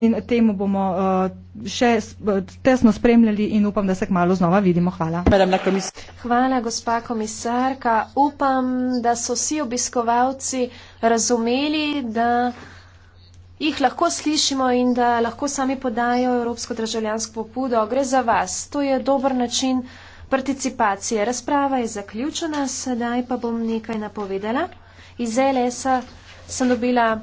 in temu bomo uh, še uh, tesno spremljali in upam, da se k malu znova vidimo. Hvala. Hvala, gospa komisarka. Upam, da so vsi obiskovalci razumeli, da jih lahko slišimo in da lahko sami podajo Evropsko državljansko pobudo. Gre za vas. To je dober način participacije. Razprava je zaključena, sedaj pa bom nekaj napovedala. Iz LS-a sem dobila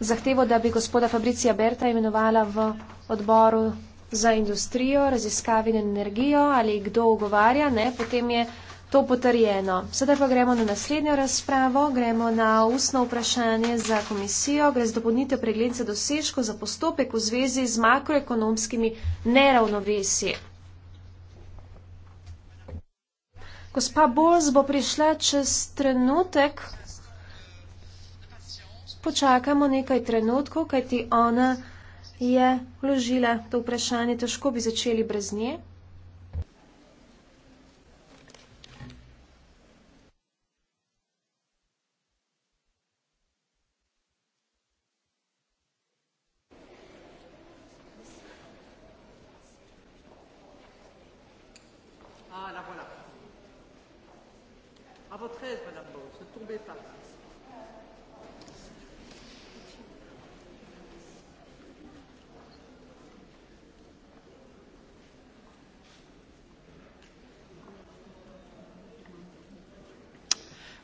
zahtevo, da bi gospoda Fabricija Berta imenovala v odboru za industrijo, raziskave in energijo ali kdo ugovarja, ne, potem je to potrjeno. Sedaj pa gremo na naslednjo razpravo, gremo na ustno vprašanje za komisijo, gre za dopolnitev preglednice dosežko za postopek v zvezi z makroekonomskimi neravnovesi. Gospa Bolz bo prišla čez trenutek počakamo nekaj trenutkov, kajti ona je vložila to vprašanje, težko bi začeli brez nje.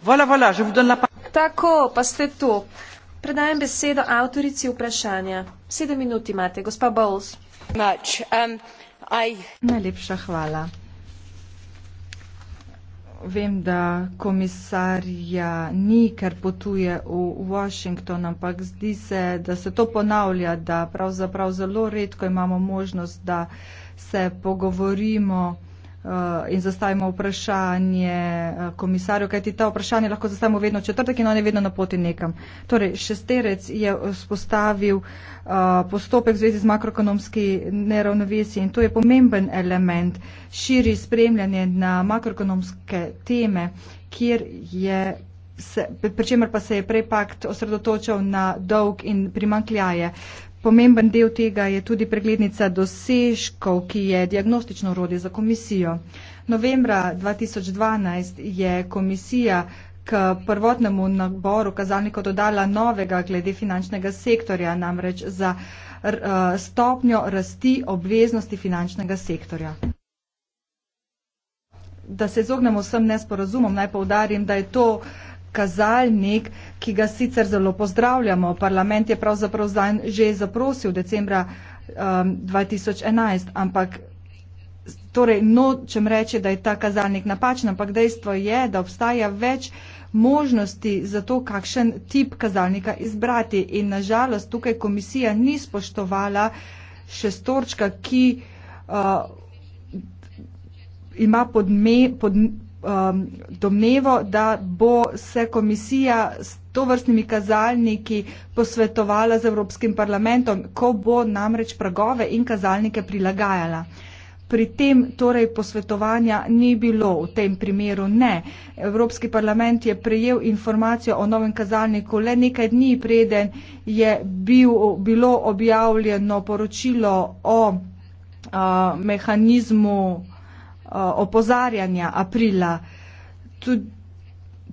Voilà, voilà, je vous donne la parole. Tako, pa ste tu. Predajem besedo avtorici vprašanja. Sedem minut imate, gospa Bowles. Um, I... Najlepša hvala. Vem, da komisarja ni, ker potuje v Washington, ampak zdi se, da se to ponavlja, da pravzaprav zelo redko imamo možnost, da se pogovorimo. Eh, in zastavimo vprašanje eh, komisarju, kajti ta vprašanje lahko zastavimo vedno četrtek in on je vedno na poti nekam. Torej, šesterec je spostavil eh, postopek v zvezi z makroekonomski neravnovesi in to je pomemben element, širi spremljanje na makroekonomske teme, kjer je. Se, pri čemer pa se je prej pakt osredotočal na dolg in primankljaje. Pomemben del tega je tudi preglednica dosežkov, ki je diagnostično urodje za komisijo. Novembra 2012 je komisija k prvotnemu naboru kazalnikov dodala novega glede finančnega sektorja, namreč za e, stopnjo rasti obveznosti finančnega sektorja. Da se izognemo vsem nesporazumom, naj poudarim, da je to kazalnik, ki ga sicer zelo pozdravljamo. Parlament je pravzaprav zanj že zaprosil decembra um, 2011, ampak torej nočem reči, da je ta kazalnik napačen, ampak dejstvo je, da obstaja več možnosti za to, kakšen tip kazalnika izbrati. In nažalost tukaj komisija ni spoštovala šestorčka, ki uh, ima podme, pod, um, domnevo, da bo se komisija s to vrstnimi kazalniki posvetovala z Evropskim parlamentom, ko bo namreč pragove in kazalnike prilagajala. Pri tem torej posvetovanja ni bilo, v tem primeru ne. Evropski parlament je prejel informacijo o novem kazalniku le nekaj dni preden je bil, bilo objavljeno poročilo o a, uh, mehanizmu. Eh, opozarjanja aprila. Tudi,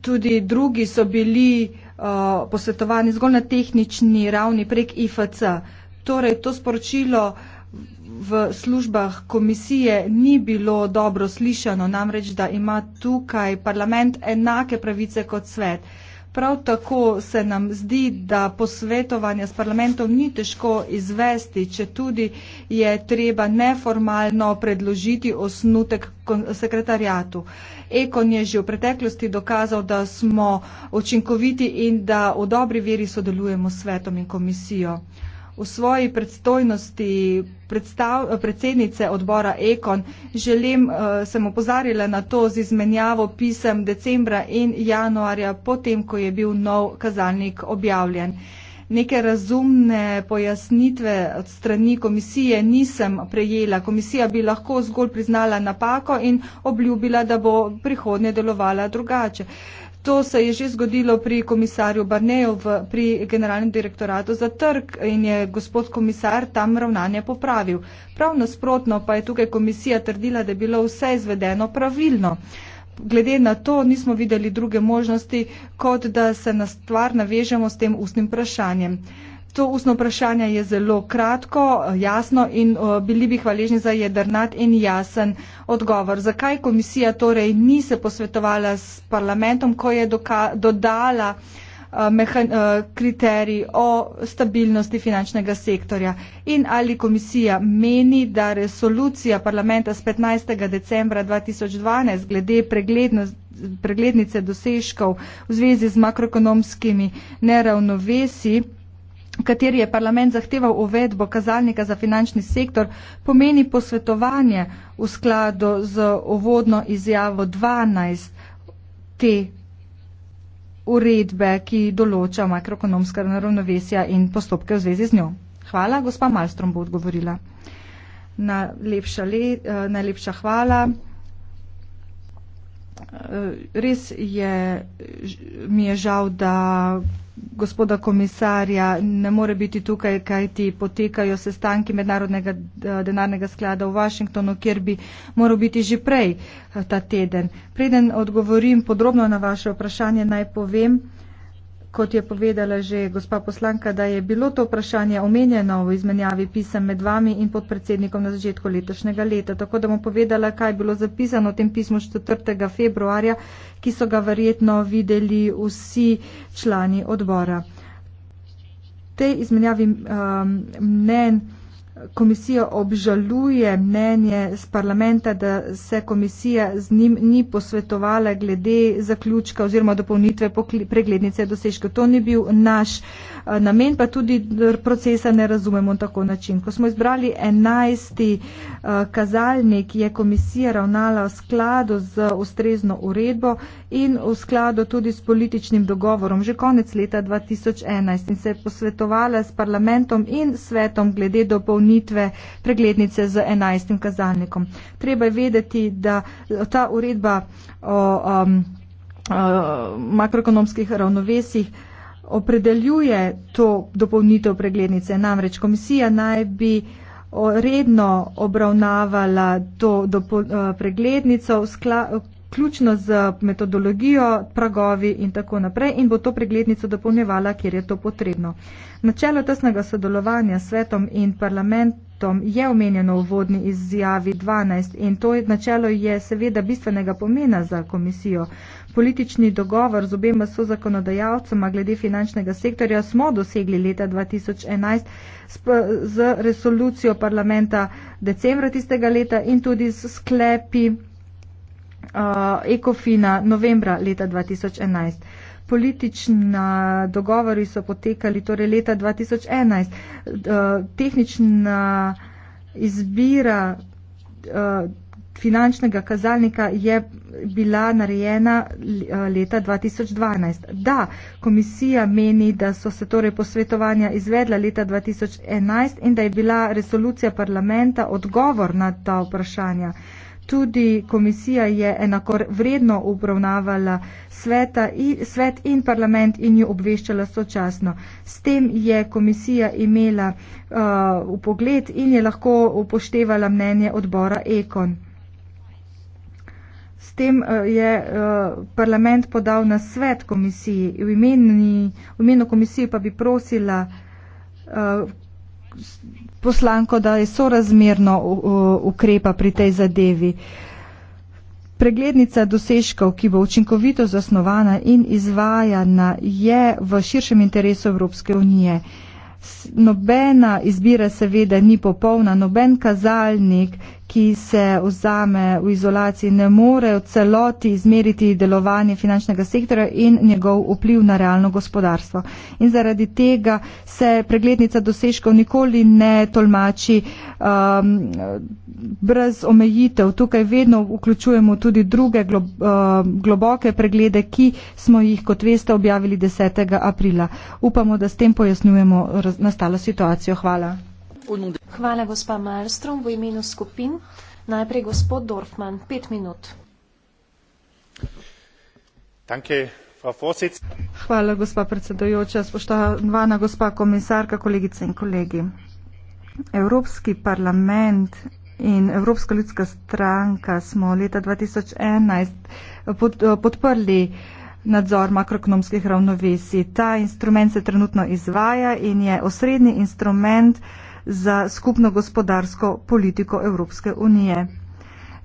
tudi drugi so bili uh, posvetovani zgolj na tehnični ravni prek IFC. Torej, to sporočilo v službah komisije ni bilo dobro slišano, namreč da ima tukaj parlament enake pravice kot svet. Uh, Prav tako se nam zdi, da posvetovanja s parlamentom ni težko izvesti, če tudi je treba neformalno predložiti osnutek sekretarjatu. Ekon je že v preteklosti dokazal, da smo učinkoviti in da v dobri veri sodelujemo s svetom in komisijo v svoji predstojnosti predstav, predsednice odbora Ekon želim, uh, sem opozarjala na to z izmenjavo pisem decembra in januarja, potem, ko je bil nov kazalnik objavljen. Neke razumne pojasnitve od strani komisije nisem prejela. Komisija bi lahko zgolj priznala napako in obljubila, da bo prihodnje delovala drugače. Uh, To se je že zgodilo pri komisarju Barneju, v, pri generalnem direktoratu za trg in je gospod komisar tam ravnanje popravil. Prav nasprotno pa je tukaj komisija trdila, da je bilo vse izvedeno pravilno. Glede na to nismo videli druge možnosti, kot da se na stvar navežemo s tem ustnim vprašanjem. To ustno vprašanje je zelo kratko, jasno in bili bi hvaležni za jedrnat in jasen odgovor. Zakaj komisija torej ni se posvetovala s parlamentom, ko je dodala e, e, kriterij o stabilnosti finančnega sektorja in ali komisija meni, da resolucija parlamenta z 15. decembra 2012 glede preglednice dosežkov v zvezi z makroekonomskimi neravnovesi kateri je parlament zahteval uvedbo kazalnika za finančni sektor, pomeni posvetovanje v skladu z uvodno izjavo 12 te uredbe, ki določa makroekonomska ravnovesja in postopke v zvezi z njo. Hvala, gospa Malstrom bo odgovorila. Najlepša, le, eh, najlepša hvala. Res je, mi je žal, da gospoda komisarja ne more biti tukaj, kajti potekajo sestanki mednarodnega denarnega sklada v Washingtonu, kjer bi moral biti že prej eh, ta teden. Preden odgovorim podrobno na vaše vprašanje, naj povem, kot je povedala že gospa poslanka, da je bilo to vprašanje omenjeno v izmenjavi pisem med vami in podpredsednikom na začetku letošnjega leta. Tako da bom povedala, kaj je bilo zapisano v tem pismu 4. februarja, ki so ga verjetno videli vsi člani odbora. Te izmenjavi um, mnen komisija obžaluje mnenje z parlamenta, da se komisija z njim ni posvetovala glede zaključka oziroma dopolnitve preglednice dosežka. To ni bil naš eh, namen, pa tudi procesa ne razumemo tako način. Ko smo izbrali enajsti eh, kazalnik, je komisija ravnala v skladu z ustrezno uredbo in v skladu tudi s političnim dogovorom že konec leta 2011 in se posvetovala s parlamentom in svetom glede dopolnitve obremenitve preglednice z enajstim kazalnikom. Treba je vedeti, da ta uredba o, o, um, o makroekonomskih ravnovesih opredeljuje to dopolnitev preglednice. Namreč komisija naj bi redno obravnavala to dopol, eh, preglednico v skladu ključno z metodologijo, pragovi in tako naprej in bo to preglednico dopolnjevala, kjer je to potrebno. Načelo tesnega sodelovanja s svetom in parlamentom je omenjeno v vodni izjavi 12 in to načelo je seveda bistvenega pomena za komisijo. Politični dogovor z obema so zakonodajalcema glede finančnega sektorja smo dosegli leta 2011 z, z resolucijo parlamenta decembra tistega leta in tudi s sklepi uh, Ekofina novembra leta 2011. Politični dogovori so potekali torej leta 2011. Uh, tehnična izbira uh, finančnega kazalnika je bila narejena uh, leta 2012. Da, komisija meni, da so se torej posvetovanja izvedla leta 2011 in da je bila resolucija parlamenta odgovor na ta vprašanja. Uh, Tudi komisija je enakor vredno obravnavala sveta in, svet in parlament in jo obveščala sočasno. S tem je komisija imela uh, upogled in je lahko upoštevala mnenje odbora Ekon. S tem uh, je uh, parlament podal na svet komisiji. V, imeni, v imenu komisije pa bi prosila uh, poslanko, da je sorazmerno ukrepa pri tej zadevi. Preglednica dosežkov, ki bo učinkovito zasnovana in izvajana, je v širšem interesu Evropske unije. Nobena izbira seveda ni popolna, noben kazalnik, ki se vzame v izolaciji, ne more v celoti izmeriti delovanje finančnega sektora in njegov vpliv na realno gospodarstvo. In zaradi tega se preglednica dosežkov nikoli ne tolmači um, brez omejitev. Tukaj vedno vključujemo tudi druge glo, uh, globoke preglede, ki smo jih, kot veste, objavili 10. aprila. Upamo, da s tem pojasnjujemo nastalo situacijo. Hvala. Hvala, gospa Malstrom, v imenu skupin. Najprej gospod Dorfman, pet minut. Danke. Hvala, gospa predsedojoča, spoštovana gospa komisarka, kolegice in kolegi. Evropski parlament in Evropska ljudska stranka smo leta 2011 podprli nadzor makroekonomskih ravnovesij. Ta instrument se trenutno izvaja in je osrednji instrument uh, za skupno gospodarsko politiko Evropske unije.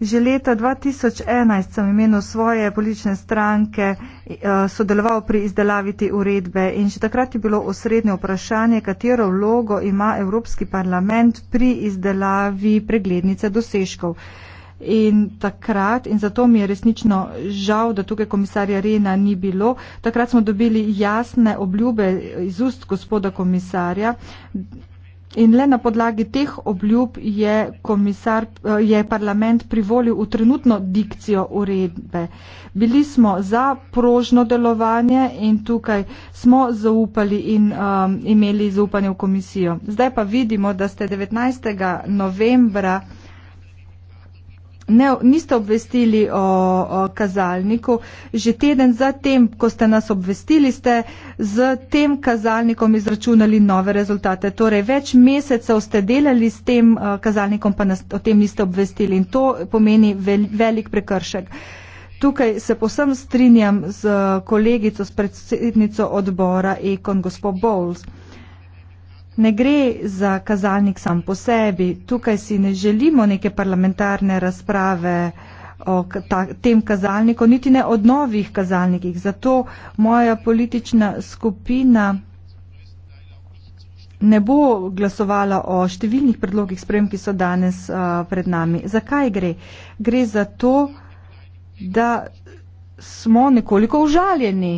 Že leta 2011 sem imenil svoje politične stranke, eh, sodeloval pri izdelaviti uredbe in že takrat je bilo osrednje vprašanje, katero vlogo ima Evropski parlament pri izdelavi preglednice dosežkov. In takrat, in zato mi je resnično žal, da tukaj komisarja Rena ni bilo, takrat smo dobili jasne obljube iz ust gospoda komisarja, In le na podlagi teh obljub je, komisar, eh, je parlament privolil v trenutno dikcijo uredbe. Bili smo za prožno delovanje in tukaj smo zaupali in um, imeli zaupanje v komisijo. Zdaj pa vidimo, da ste 19. novembra ne, niste obvestili o, o kazalniku. Že teden zatem, ko ste nas obvestili, ste z tem kazalnikom izračunali nove rezultate. Torej, več mesecev ste delali s tem o, eh, kazalnikom, pa nas o tem niste obvestili in to pomeni vel, velik prekršek. Tukaj se posem strinjam z kolegico, s predsednico odbora Ekon, gospod Bowles. Ne gre za kazalnik sam po sebi. Tukaj si ne želimo neke parlamentarne razprave o ta, tem kazalniku, niti ne o novih kazalnikih. Zato moja politična skupina ne bo glasovala o številnih predlogih sprem, ki so danes uh, pred nami. Zakaj gre? Gre za to, da smo nekoliko užaljeni.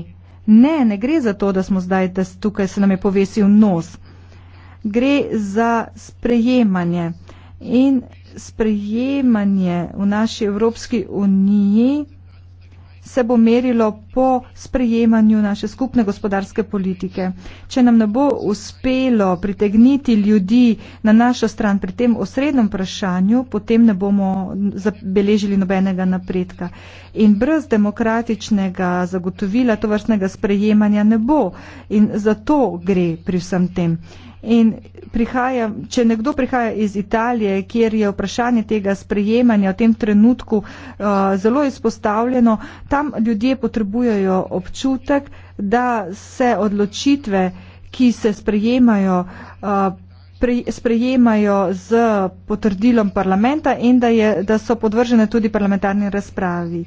Ne, ne gre za to, da smo zdaj, da tukaj se nam je povesil nos gre za sprejemanje. In sprejemanje v naši Evropski uniji se bo merilo po sprejemanju naše skupne gospodarske politike. Če nam ne bo uspelo pritegniti ljudi na našo stran pri tem osrednjem vprašanju, potem ne bomo zabeležili nobenega napredka. In brez demokratičnega zagotovila to vrstnega sprejemanja ne bo. In zato gre pri vsem tem. Uh, In prihaja, če nekdo prihaja iz Italije, kjer je vprašanje tega sprejemanja v tem trenutku uh, zelo izpostavljeno, tam ljudje potrebujejo občutek, da se odločitve, ki se sprejemajo, uh, sprejemajo z potrdilom parlamenta in da, je, da so podvržene tudi parlamentarni razpravi.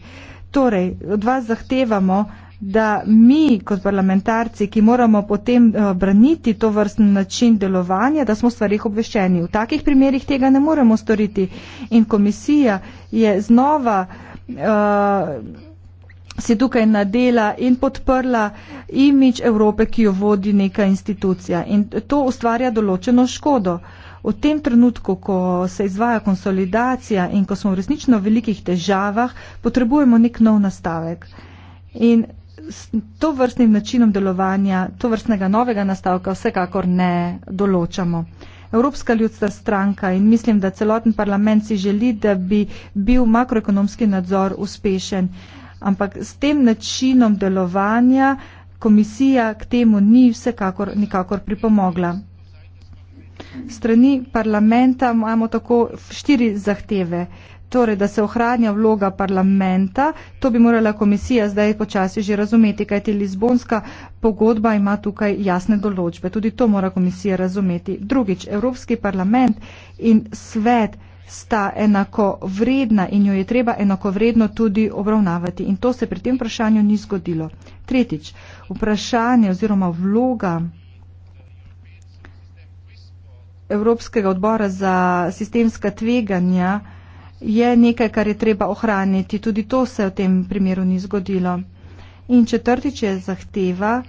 Torej, od vas zahtevamo, da mi kot parlamentarci, ki moramo potem eh, braniti to vrstno način delovanja, da smo stvarih obveščeni. V takih primerjih tega ne moremo storiti. In komisija je znova uh, si tukaj nadela in podprla imič Evrope, ki jo vodi neka institucija. In to ustvarja določeno škodo. V tem trenutku, ko se izvaja konsolidacija in ko smo v resnično velikih težavah, potrebujemo nek nov nastavek. In to vrstnim načinom delovanja, to vrstnega novega nastavka vsekakor ne določamo. Evropska ljudska stranka in mislim, da celoten parlament si želi, da bi bil makroekonomski nadzor uspešen. Ampak s tem načinom delovanja komisija k temu ni vsekakor nikakor pripomogla. Strani parlamenta imamo tako štiri zahteve torej, da se ohranja vloga parlamenta, to bi morala komisija zdaj počasi že razumeti, kajti Lizbonska pogodba ima tukaj jasne določbe. Tudi to mora komisija razumeti. Drugič, Evropski parlament in svet sta enakovredna in jo je treba enakovredno tudi obravnavati. In to se pri tem vprašanju ni zgodilo. Tretjič, vprašanje oziroma vloga. Evropskega odbora za sistemska tveganja je nekaj, kar je treba ohraniti. Tudi to se v tem primeru ni zgodilo. In četrtič je zahteva,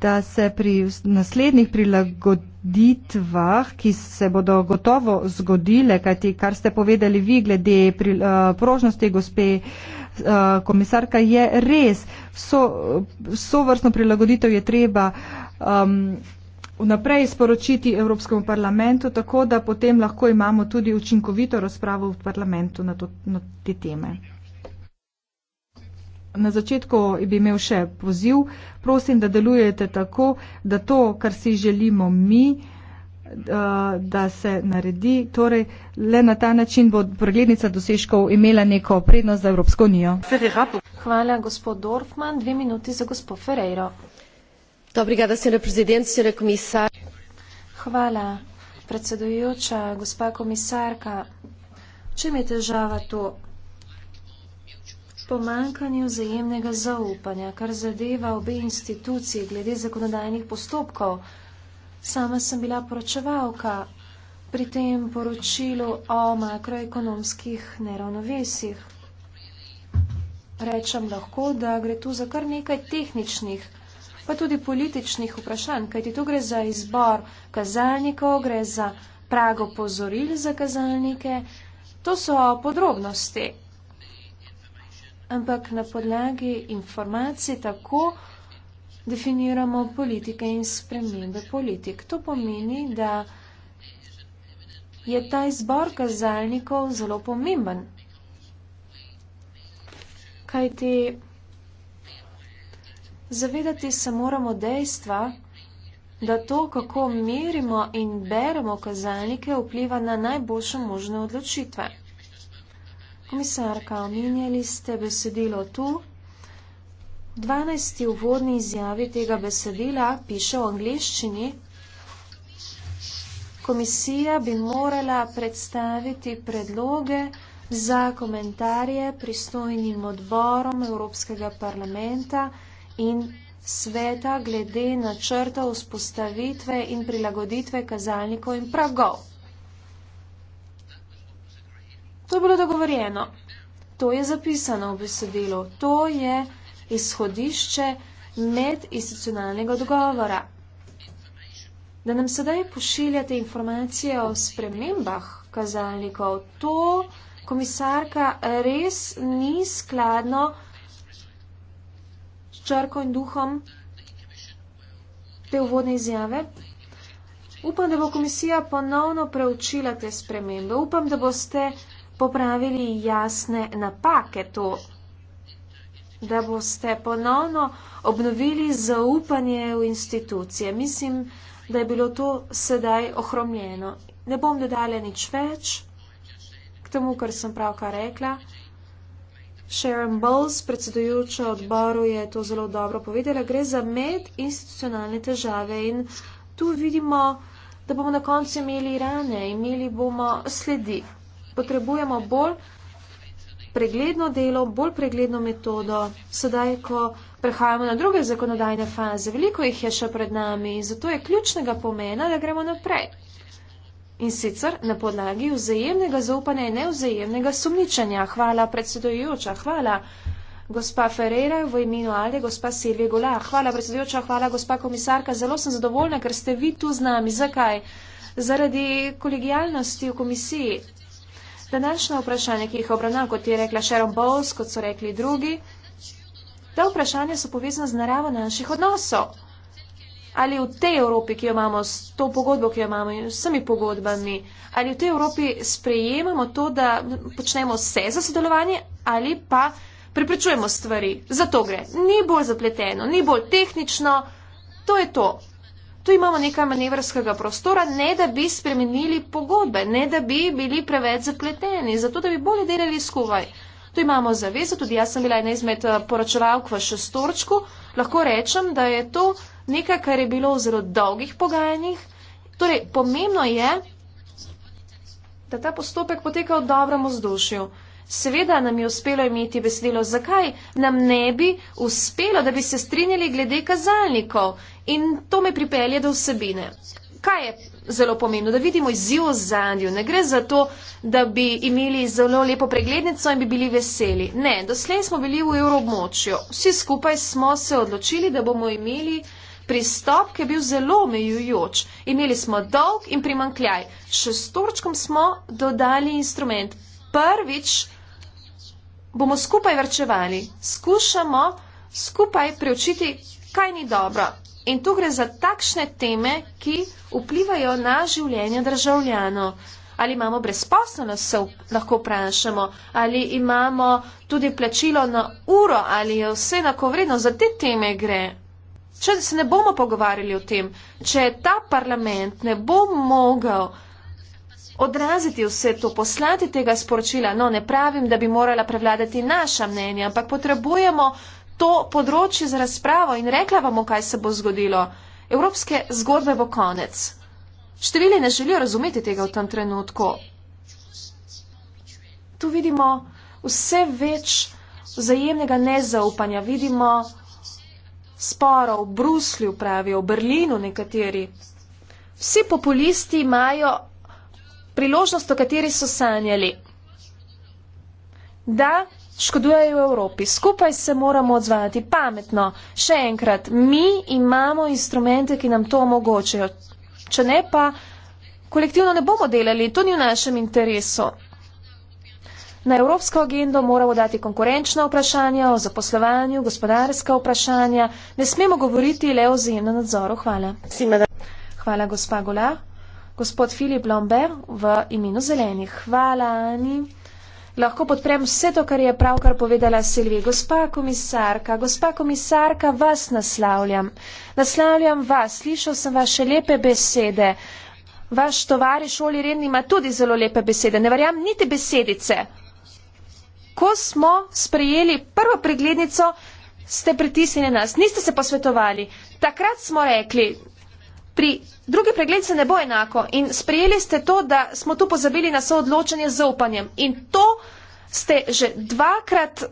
da se pri naslednjih prilagoditvah, ki se bodo gotovo zgodile, kajti kar ste povedali vi glede pri, uh, prožnosti gospe uh, komisarka, je res. So, so vrstno prilagoditev je treba. Um, vnaprej sporočiti Evropskemu parlamentu, tako da potem lahko imamo tudi učinkovito razpravo v parlamentu na, to, na te teme. Na začetku bi imel še poziv. Prosim, da delujete tako, da to, kar si želimo mi, eh, da se naredi, torej le na ta način bo preglednica dosežkov imela neko prednost za Evropsko unijo. Hvala, gospod Dorfman. Dve minuti za gospod Ferreiro. Sra. Presidente, sra. Komisar. Hvala, predsedujoča, gospa komisarka. Čem je težava to? Pomankanje vzajemnega zaupanja, kar zadeva obe instituciji glede zakonodajnih postopkov. Sama sem bila poročevalka pri tem poročilu o makroekonomskih neravnovesih. Rečem lahko, da gre tu za kar nekaj tehničnih postopkov pa tudi političnih vprašanj, kajti tu gre za izbor kazalnikov, gre za prago pozoril za kazalnike. To so podrobnosti. Ampak na podlagi informacij tako definiramo politike in spremembe politik. To pomeni, da je ta izbor kazalnikov zelo pomemben. Kajti Zavedati se moramo dejstva, da to, kako merimo in beremo kazalnike, vpliva na najboljše možne odločitve. Komisarka, omenjali ste besedilo tu. 12. uvodni izjavi tega besedila piše v angliščini. Komisija bi morala predstaviti predloge za komentarje pristojnim odborom Evropskega parlamenta in sveta glede načrta vzpostavitve in prilagoditve kazalnikov in pragov. To je bilo dogovorjeno, to je zapisano v besedilu, to je izhodišče medinstitucionalnega dogovora. Da nam sedaj pošiljate informacije o spremembah kazalnikov, to komisarka res ni skladno črko in duhom te uvodne izjave. Upam, da bo komisija ponovno preučila te spremembe. Upam, da boste popravili jasne napake to, da boste ponovno obnovili zaupanje v institucije. Mislim, da je bilo to sedaj ohromljeno. Ne bom dodala nič več k temu, kar sem pravkar rekla. Sharon Bowles, predsedujoča odboru, je to zelo dobro povedala. Gre za med institucionalne težave in tu vidimo, da bomo na koncu imeli rane, imeli bomo sledi. Potrebujemo bolj pregledno delo, bolj pregledno metodo. Sedaj, ko prehajamo na druge zakonodajne faze, veliko jih je še pred nami in zato je ključnega pomena, da gremo naprej. In sicer na podlagi vzajemnega zaupanja in nevzajemnega sumničanja. Hvala, predsedujoča. Hvala, gospa Ferreira v imenu Alde, gospa Silvi Gola. Hvala, predsedujoča. Hvala, gospa komisarka. Zelo sem zadovoljna, ker ste vi tu z nami. Zakaj? Zaradi kolegijalnosti v komisiji. Današnje vprašanje, ki jih obravnava, kot je rekla Sharon Bowles, kot so rekli drugi, ta vprašanja so povezana z naravo naših odnosov ali v tej Evropi, ki jo imamo, s to pogodbo, ki jo imamo in vsemi pogodbami, ali v tej Evropi sprejemamo to, da počnemo vse za sodelovanje ali pa preprečujemo stvari. Za to gre. Ni bolj zapleteno, ni bolj tehnično. To je to. Tu imamo nekaj manevrskega prostora, ne da bi spremenili pogodbe, ne da bi bili preveč zapleteni, zato da bi bolje delali skupaj. Tu imamo zavezo, tudi jaz sem bila ena izmed eh, poročevalk v šestorčku lahko rečem, da je to nekaj, kar je bilo v zelo dolgih pogajanjih. Torej, pomembno je, da ta postopek poteka v dobrem vzdušju. Seveda nam je uspelo imeti besedilo, zakaj nam ne bi uspelo, da bi se strinjali glede kazalnikov. In to me pripelje do vsebine. Kaj je zelo pomembno, da vidimo izziv za njo. Ne gre za to, da bi imeli zelo lepo preglednico in bi bili veseli. Ne, doslej smo bili v evroobmočju. Vsi skupaj smo se odločili, da bomo imeli pristop, ki je bil zelo omejujoč. Imeli smo dolg in primankljaj. Še s torčkom smo dodali instrument. Prvič bomo skupaj vrčevali. Skušamo skupaj preučiti, kaj ni dobro. In tu gre za takšne teme, ki vplivajo na življenje državljanov. Ali imamo brezposobnost, se lahko vprašamo, ali imamo tudi plačilo na uro, ali je vse enakovredno, za te teme gre. Če se ne bomo pogovarjali o tem, če ta parlament ne bo mogel odraziti vse to, poslati tega sporočila, no ne pravim, da bi morala prevladati naša mnenja, ampak potrebujemo to področje za razpravo in rekla vam, kaj se bo zgodilo. Evropske zgodbe bo konec. Številni ne želijo razumeti tega v tem trenutku. Tu vidimo vse več vzajemnega nezaupanja, vidimo sporov v Bruslju, pravijo, v Berlinu nekateri. Vsi populisti imajo priložnost, o kateri so sanjali. Da škodujejo Evropi. Skupaj se moramo odzvati pametno. Še enkrat, mi imamo instrumente, ki nam to omogočajo. Če ne pa, kolektivno ne bomo delali, to ni v našem interesu. Na evropsko agendo moramo dati konkurenčna vprašanja o zaposlovanju, gospodarska vprašanja. Ne smemo govoriti le o vzajemnem nadzoru. Hvala. Hvala, gospa Gola. Gospod Filip Lomber v imenu zelenih. Hvala, Ani. Lahko podprem vse to, kar je pravkar povedala Silvi. Gospa komisarka, gospa komisarka, vas naslavljam. Naslavljam vas, slišal sem vaše lepe besede. Vaš tovariš Šoli Ren ima tudi zelo lepe besede. Ne verjamem niti besedice. Ko smo sprejeli prvo preglednico, ste pritisnili nas, niste se posvetovali. Takrat smo rekli, Pri drugi pregled se ne bo enako in sprejeli ste to, da smo tu pozabili na soodločanje z upanjem in to ste že dvakrat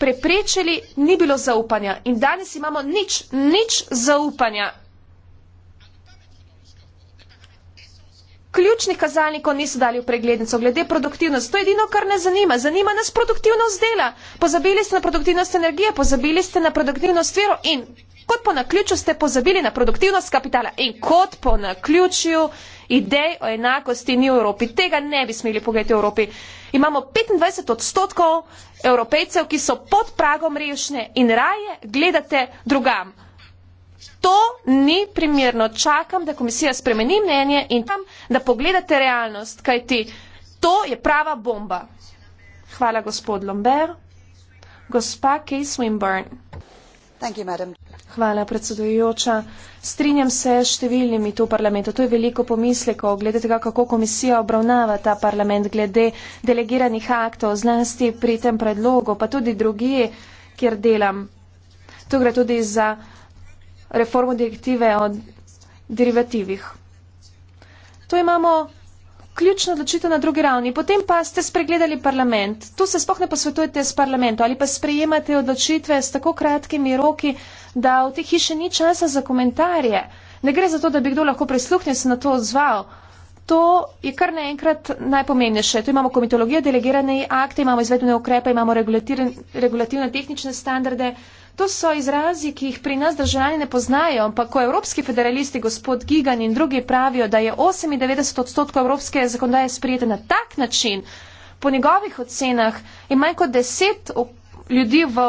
preprečili, ni bilo zaupanja in danes imamo nič, nič zaupanja. Ključnih kazalnikov niso dali v preglednico glede produktivnosti. To je edino, kar ne zanima. Zanima nas produktivnost dela. Pozabili ste na produktivnost energije, pozabili ste na produktivnost vero in kot po naključju ste pozabili na produktivnost kapitala in kot po naključju idej o enakosti ni v Evropi. Tega ne bi smeli pogledati v Evropi. Imamo 25 odstotkov evropejcev, ki so pod pragom revščine in raje gledate drugam. To ni primerno. Čakam, da komisija spremeni mnenje in tam, da pogledate realnost, kajti to je prava bomba. Hvala, gospod Lombert. Gospa Kay Swinburne. Hvala, predsedujoča. Strinjam se s številnimi tu parlamentu. To je veliko pomislekov glede tega, kako komisija obravnava ta parlament glede delegiranih aktov, zlasti pri tem predlogu, pa tudi drugi, kjer delam. Tu gre tudi za reformo direktive o derivativih. Tu imamo ključno odločitev na drugi ravni. Potem pa ste spregledali parlament. Tu se spoh ne posvetujete s parlamentom ali pa sprejemate odločitve s tako kratkimi roki, da v tej hiši ni časa za komentarje. Ne gre za to, da bi kdo lahko prisluhnil se na to odzval. To je kar naenkrat najpomembnejše. Tu imamo komitologijo, delegirane akte, imamo izvedene ukrepe, imamo regulativne tehnične standarde. To so izrazi, ki jih pri nas državljani ne poznajo, ampak ko evropski federalisti, gospod Gigan in drugi pravijo, da je 98 odstotkov evropske zakonodaje sprijete na tak način, po njegovih ocenah je manj kot deset ljudi v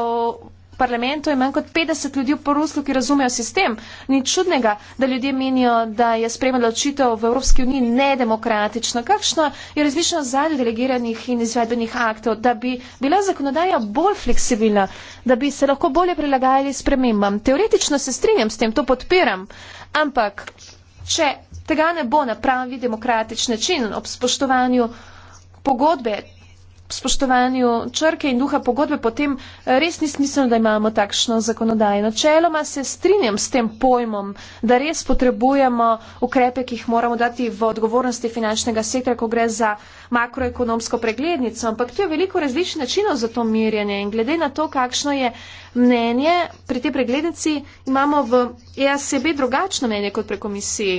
parlamentu je manj kot 50 ljudi v Poruslu, ki razumejo sistem. Ni čudnega, da ljudje menijo, da je sprejemalo odločitev v Evropski uniji nedemokratično. Kakšno je različno zadnje delegiranih in izvedbenih aktov, da bi bila zakonodaja bolj fleksibilna, da bi se lahko bolje prilagajali spremembam. Teoretično se strinjam s tem, to podpiram, ampak če tega ne bo na pravi demokratični način ob spoštovanju pogodbe, spoštovanju črke in duha pogodbe, potem res ni smiselno, da imamo takšno zakonodajo. Načeloma se strinjam s tem pojmom, da res potrebujemo ukrepe, ki jih moramo dati v odgovornosti finančnega sektora, ko gre za makroekonomsko preglednico, ampak tu je veliko različnih načinov za to mirjanje in glede na to, kakšno je mnenje pri tej preglednici, imamo v ESB drugačno mnenje kot pri komisiji.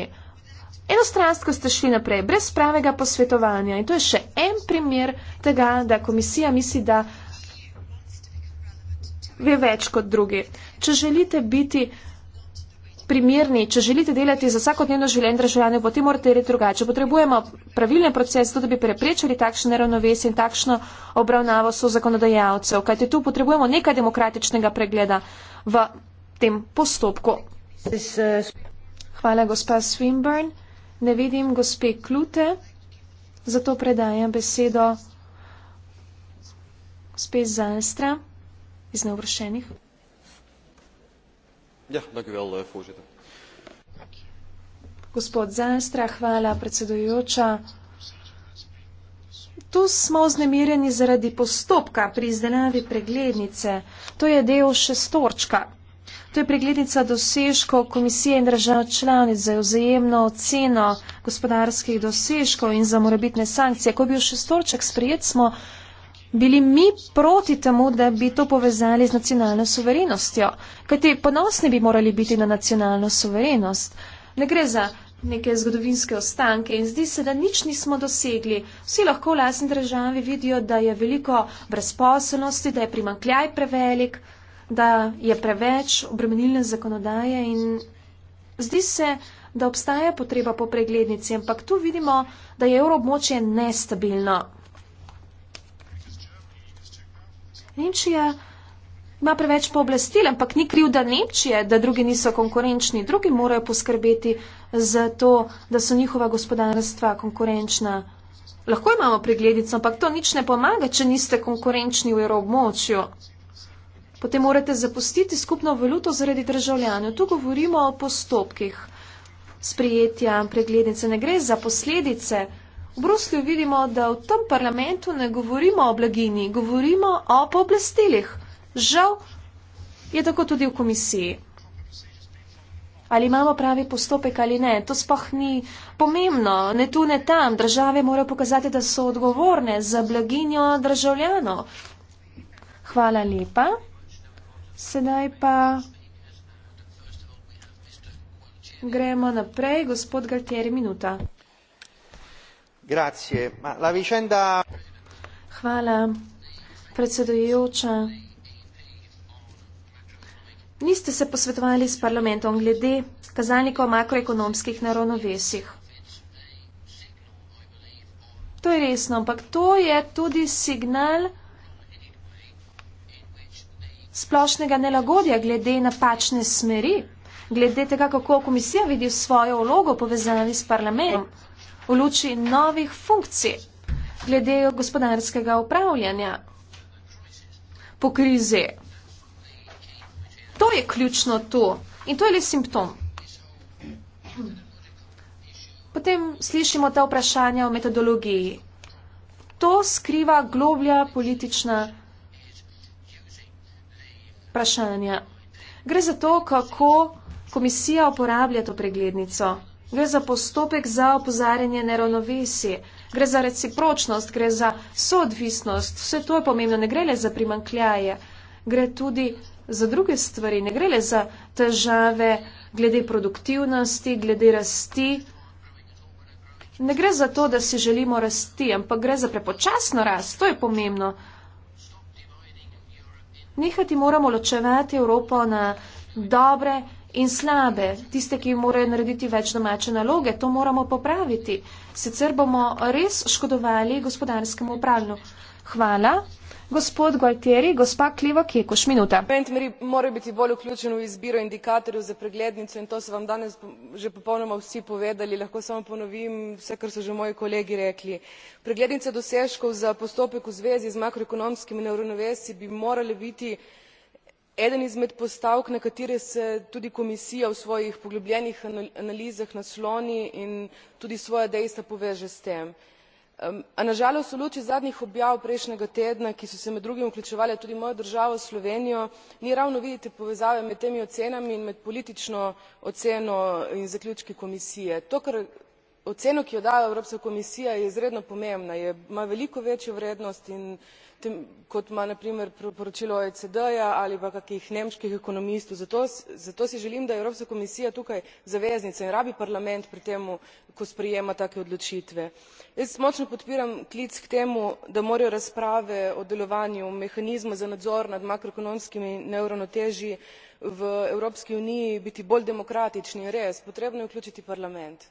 Enostransko ste šli naprej, brez pravega posvetovanja. In to je še en primer tega, da komisija misli, da ve več kot drugi. Če želite biti primerni, če želite delati za vsakodnevno življenje državljanov, potem morate reči drugače. Potrebujemo pravilne procese, da bi preprečili takšne neravnovesje in takšno obravnavo so zakonodajalcev, kajti tu potrebujemo nekaj demokratičnega pregleda v tem postopku. Uh, Hvala, gospa Swinburne. Ne vidim gospe Klute, zato predajam besedo gospe Zalstra iz Neobrošenih. Ja, dankjewel, eh, voorzitter. Gospod Zalstra, hvala predsedujoča. Tu smo vznemirjeni zaradi postopka pri izdelavi preglednice. To je del šestorčka. To je preglednica dosežkov komisije in držav članic za vzajemno oceno gospodarskih dosežkov in za morebitne sankcije. Ko bi jo še stolček sprijet, smo bili mi proti temu, da bi to povezali z nacionalno suverenostjo. Kajti ponosni bi morali biti na nacionalno suverenost. Ne gre za neke zgodovinske ostanke in zdi se, da nič nismo dosegli. Vsi lahko v lasni državi vidijo, da je veliko brezposobnosti, da je primankljaj prevelik da je preveč obremenilne zakonodaje in zdi se, da obstaja potreba po preglednici, ampak tu vidimo, da je evroobmočje nestabilno. Nemčija ima preveč pooblastil, ampak ni kriv, da Nemčije, da drugi niso konkurenčni. Drugi morajo poskrbeti za to, da so njihova gospodarstva konkurenčna. Lahko imamo preglednico, ampak to nič ne pomaga, če niste konkurenčni v evroobmočju potem morate zapustiti skupno valuto zaradi državljanja. Tu govorimo o postopkih sprijetja preglednice. Ne gre za posledice. V Bruslju vidimo, da v tem parlamentu ne govorimo o blagini, govorimo o pooblastilih. Žal je tako tudi v komisiji. Ali imamo pravi postopek ali ne, to spoh ni pomembno, ne tu, ne tam. Države morajo pokazati, da so odgovorne za blaginjo državljanov. Hvala lepa. Sedaj pa gremo naprej. Gospod Galtieri, minuta. Grazie. Ma la vicenda... Hvala, predsedujoča. Niste se posvetovali s parlamentom glede kazalnikov makroekonomskih naravnovesih. To je resno, ampak to je tudi signal, splošnega nelagodja glede napačne smeri, glede tega, kako komisija vidi svojo vlogo povezani s parlamentom v luči novih funkcij, glede gospodarskega upravljanja po krizi. To je ključno tu in to je le simptom. Potem slišimo ta vprašanja o metodologiji. To skriva globlja politična vprašanja. Gre za to, kako komisija uporablja to preglednico. Gre za postopek za opozarjanje neravnovesi, gre za recipročnost, gre za soodvisnost. Vse to je pomembno, ne gre le za primankljaje, gre tudi za druge stvari, ne gre le za težave glede produktivnosti, glede rasti. Ne gre za to, da si želimo rasti, ampak gre za prepočasno rast, to je pomembno. Nehati moramo ločevati Evropo na dobre in slabe, tiste, ki morajo narediti več domače naloge. To moramo popraviti. Sicer bomo res škodovali gospodarskemu upravljanju. Hvala gospod gualtieri gospa klevo kekoš minuta parlament mora biti bolj vključen v izbiro indikatorjev za preglednico in to so vam danes že popolnoma vsi povedali lahko samo ponovim vse kar so že moji kolegi rekli preglednica dosežkov za postopek v zvezi z makroekonomskimi neravnovesji bi morala biti eden izmed postavk na katere se tudi komisija v svojih poglobljenih analizah nasloni in tudi svoja dejstva poveže s tem a na žalost v luči zadnjih objav prejšnjega tedna ki so se med drugim vključevale tudi mojo državo slovenijo ni ravno videti povezave med temi ocenami in med politično oceno in zaključki komisije. to kar ocena ki jo daje evropska komisija je izredno pomembna ima veliko večjo vrednost in kot ima na primer poročilo oecd ja ali pa kakih nemških ekonomistov zato si želim da je evropska komisija tukaj zaveznica in rabi parlament pri tem ko sprejema take odločitve. jaz močno podpiram klic k temu da morajo razprave o delovanju mehanizma za nadzor nad makroekonomskimi neuravnotežji v evropski uniji biti bolj demokratični in res potrebno je vključiti parlament.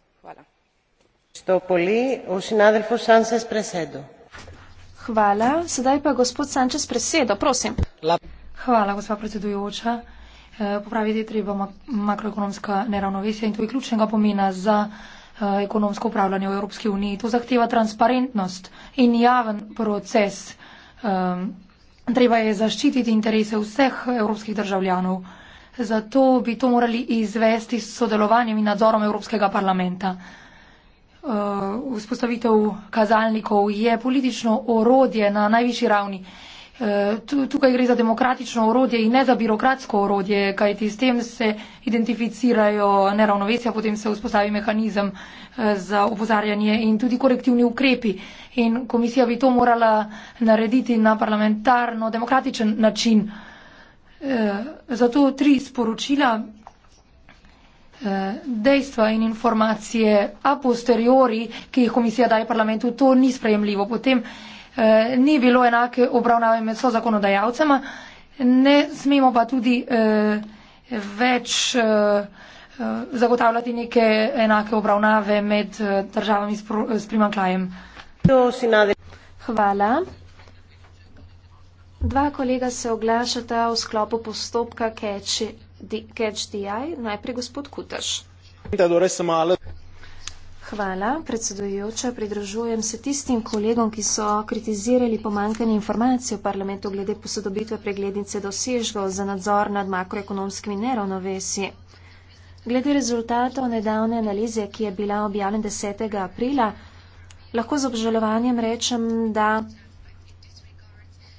Hvala. Sedaj pa gospod Sančes presedo, prosim. La. Hvala, gospa predsedujoča. Eh, popraviti treba makroekonomska neravnovesja in to je ključnega pomena za eh, ekonomsko upravljanje v Evropski uniji. To zahteva transparentnost in javen proces. Ehm, treba je zaščititi interese vseh evropskih državljanov. Zato bi to morali izvesti s sodelovanjem in nadzorom Evropskega parlamenta. Eh, vzpostavitev kazalnikov je politično orodje na najvišji ravni. Eh, tukaj gre za demokratično orodje in ne za birokratsko orodje, kajti s tem se identificirajo neravnovesja, potem se vzpostavi mehanizem eh, za opozarjanje in tudi korektivni ukrepi. In komisija bi to morala narediti na parlamentarno demokratičen način. Zato tri sporočila dejstva in informacije a posteriori, ki jih komisija daje parlamentu, to ni sprejemljivo. Potem eh, ni bilo enake obravnave med so zakonodajalcema, ne smemo pa tudi eh, več eh, eh zagotavljati neke enake obravnave med eh, državami s, s primanklajem. Hvala. Dva kolega se oglašata v sklopu postopka Catch GHDI, najprej gospod Kutaš. Hvala, predsedujoča. Pridružujem se tistim kolegom, ki so kritizirali pomankanje informacij v parlamentu glede posodobitve preglednice dosežkov za nadzor nad makroekonomskimi neravnovesi. Glede rezultatov nedavne analize, ki je bila objavljena 10. aprila, lahko z obžalovanjem rečem, da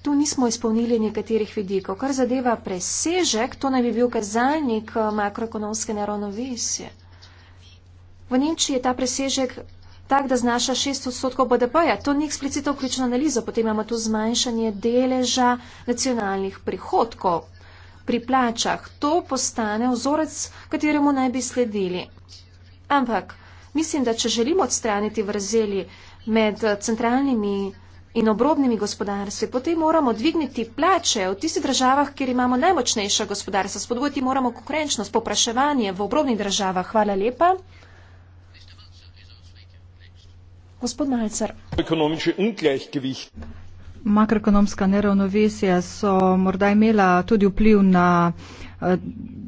tu nismo izpolnili nekaterih vidikov. Kar zadeva presežek, to naj bi bil kazalnik eh, makroekonomske neravnovesje. V Nemčiji je ta presežek tak, da znaša 6 odstotkov BDP-ja. To ni eksplicitno vključeno analizo. Potem imamo tu zmanjšanje deleža nacionalnih prihodkov pri plačah. To postane vzorec, kateremu naj bi sledili. Ampak mislim, da če želimo odstraniti vrzeli med eh, centralnimi in obrobnimi gospodarstvi, potem moramo dvigniti plače v tistih državah, kjer imamo najmočnejša gospodarstva. Spodbujati moramo konkurenčnost, popraševanje v obrobnih državah. Hvala lepa. Gospod Malcer makroekonomska neravnovesja so morda imela tudi vpliv na eh,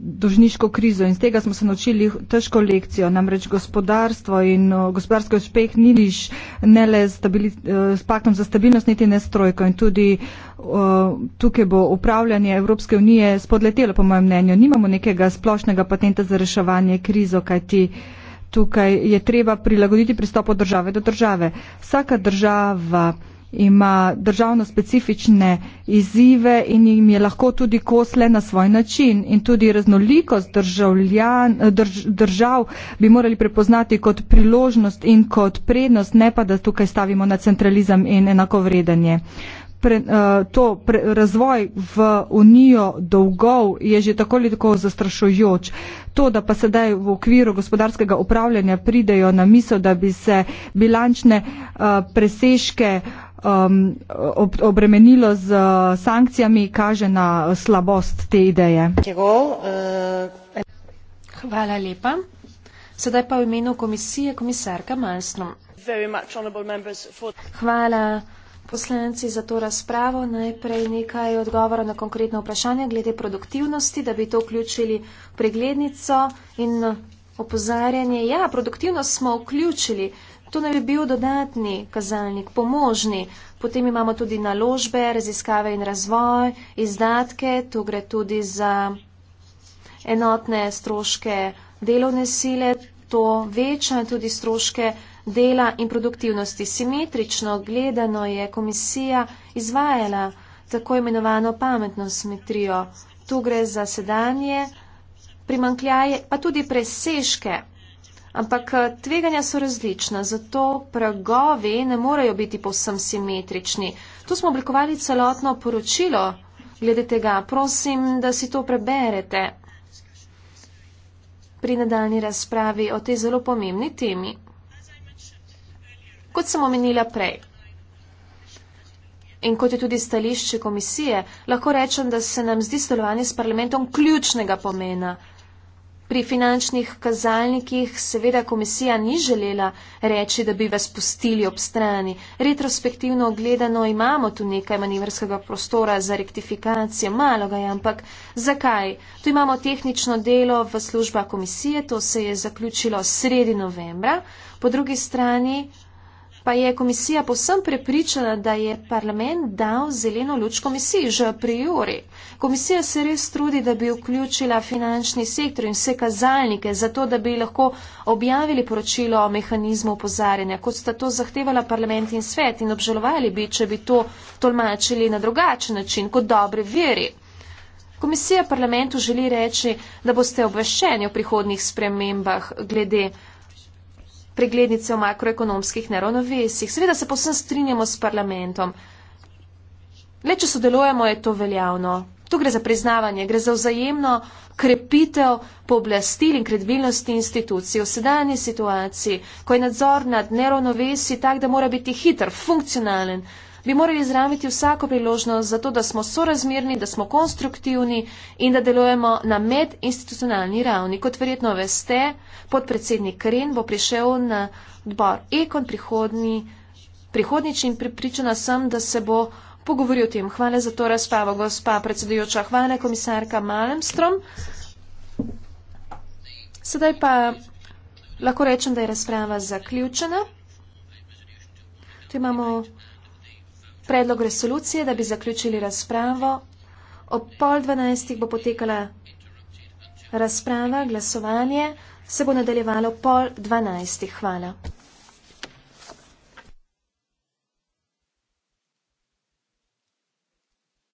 dožniško krizo in z tega smo se naučili težko lekcijo. Namreč gospodarstvo in eh, gospodarski uspeh ni niž ne le eh, s paktom za stabilnost, niti ne strojko in tudi tukaj bo upravljanje Evropske unije spodletelo, po mojem mnenju. Nimamo nekega splošnega patenta za reševanje krizo, kajti tukaj je treba prilagoditi pristop od države do države. Vsaka država ima državno specifične izzive in jim je lahko tudi kosle na svoj način. In tudi raznolikost državljan, drž, držav bi morali prepoznati kot priložnost in kot prednost, ne pa da tukaj stavimo na centralizem in enako vredenje. Pre, eh, to pre, razvoj v unijo dolgov je že tako ali tako zastrašujoč. To, da pa sedaj v okviru gospodarskega upravljanja pridejo na misel, da bi se bilančne uh, presežke uh, um, ob, obremenilo z uh, sankcijami, kaže na slabost te ideje. Hvala lepa. Sedaj pa v imenu komisije komisarka Malmström. Hvala poslanci za to razpravo. Najprej nekaj odgovora na konkretno vprašanje glede produktivnosti, da bi to vključili preglednico in opozarjanje. Ja, produktivnost smo vključili. To naj bi bil dodatni kazalnik, pomožni. Potem imamo tudi naložbe, raziskave in razvoj, izdatke, tu gre tudi za enotne stroške delovne sile, to veča tudi stroške dela in produktivnosti. Simetrično gledano je komisija izvajala tako imenovano pametno smetrijo. Tu gre za sedanje primankljaje, pa tudi presežke. Ampak eh, tveganja so različna, zato pragovi ne morejo biti povsem simetrični. Tu smo oblikovali celotno poročilo glede tega. Prosim, da si to preberete pri nadaljni razpravi o tej zelo pomembni temi. Kot sem omenila prej in kot je tudi stališče komisije, lahko rečem, da se nam zdi sodelovanje s parlamentom ključnega pomena. Pri finančnih kazalnikih seveda komisija ni želela reči, da bi vas pustili ob strani. Retrospektivno gledano imamo tu nekaj manevrskega prostora za rektifikacijo, malo ga je, ampak zakaj? Tu imamo tehnično delo v služba komisije, to se je zaključilo sredi novembra. Po drugi strani pa je komisija posem prepričana, da je parlament dal zeleno luč komisiji že a priori. Komisija se res trudi, da bi vključila finančni sektor in vse kazalnike, zato da bi lahko objavili poročilo o mehanizmu upozarjanja, kot sta to zahtevala parlament in svet in obžalovali bi, če bi to tolmačili na drugačen način, kot dobre veri. Komisija parlamentu želi reči, da boste obveščeni o prihodnih spremembah glede preglednice o makroekonomskih neravnovesjih. Seveda se posem strinjamo s parlamentom. Le, če sodelujemo, je to veljavno. Tu gre za priznavanje, gre za vzajemno krepitev pooblastil in kredibilnosti institucij. V sedanji situaciji, ko je nadzor nad neravnovesji tak, da mora biti hiter, funkcionalen, bi morali zraviti vsako priložnost za to, da smo sorazmerni, da smo konstruktivni in da delujemo na medinstitucionalni ravni. Kot verjetno veste, podpredsednik Karen bo prišel na odbor Ekon prihodni, prihodnič in pripričana sem, da se bo pogovoril o tem. Hvala za to razpravo, gospa predsedujoča. Hvala, komisarka Malemstrom. Sedaj pa lahko rečem, da je razprava zaključena. Tu imamo predlog resolucije, da bi zaključili razpravo. Ob pol dvanajstih bo potekala razprava, glasovanje se bo nadaljevalo pol dvanajstih. Hvala.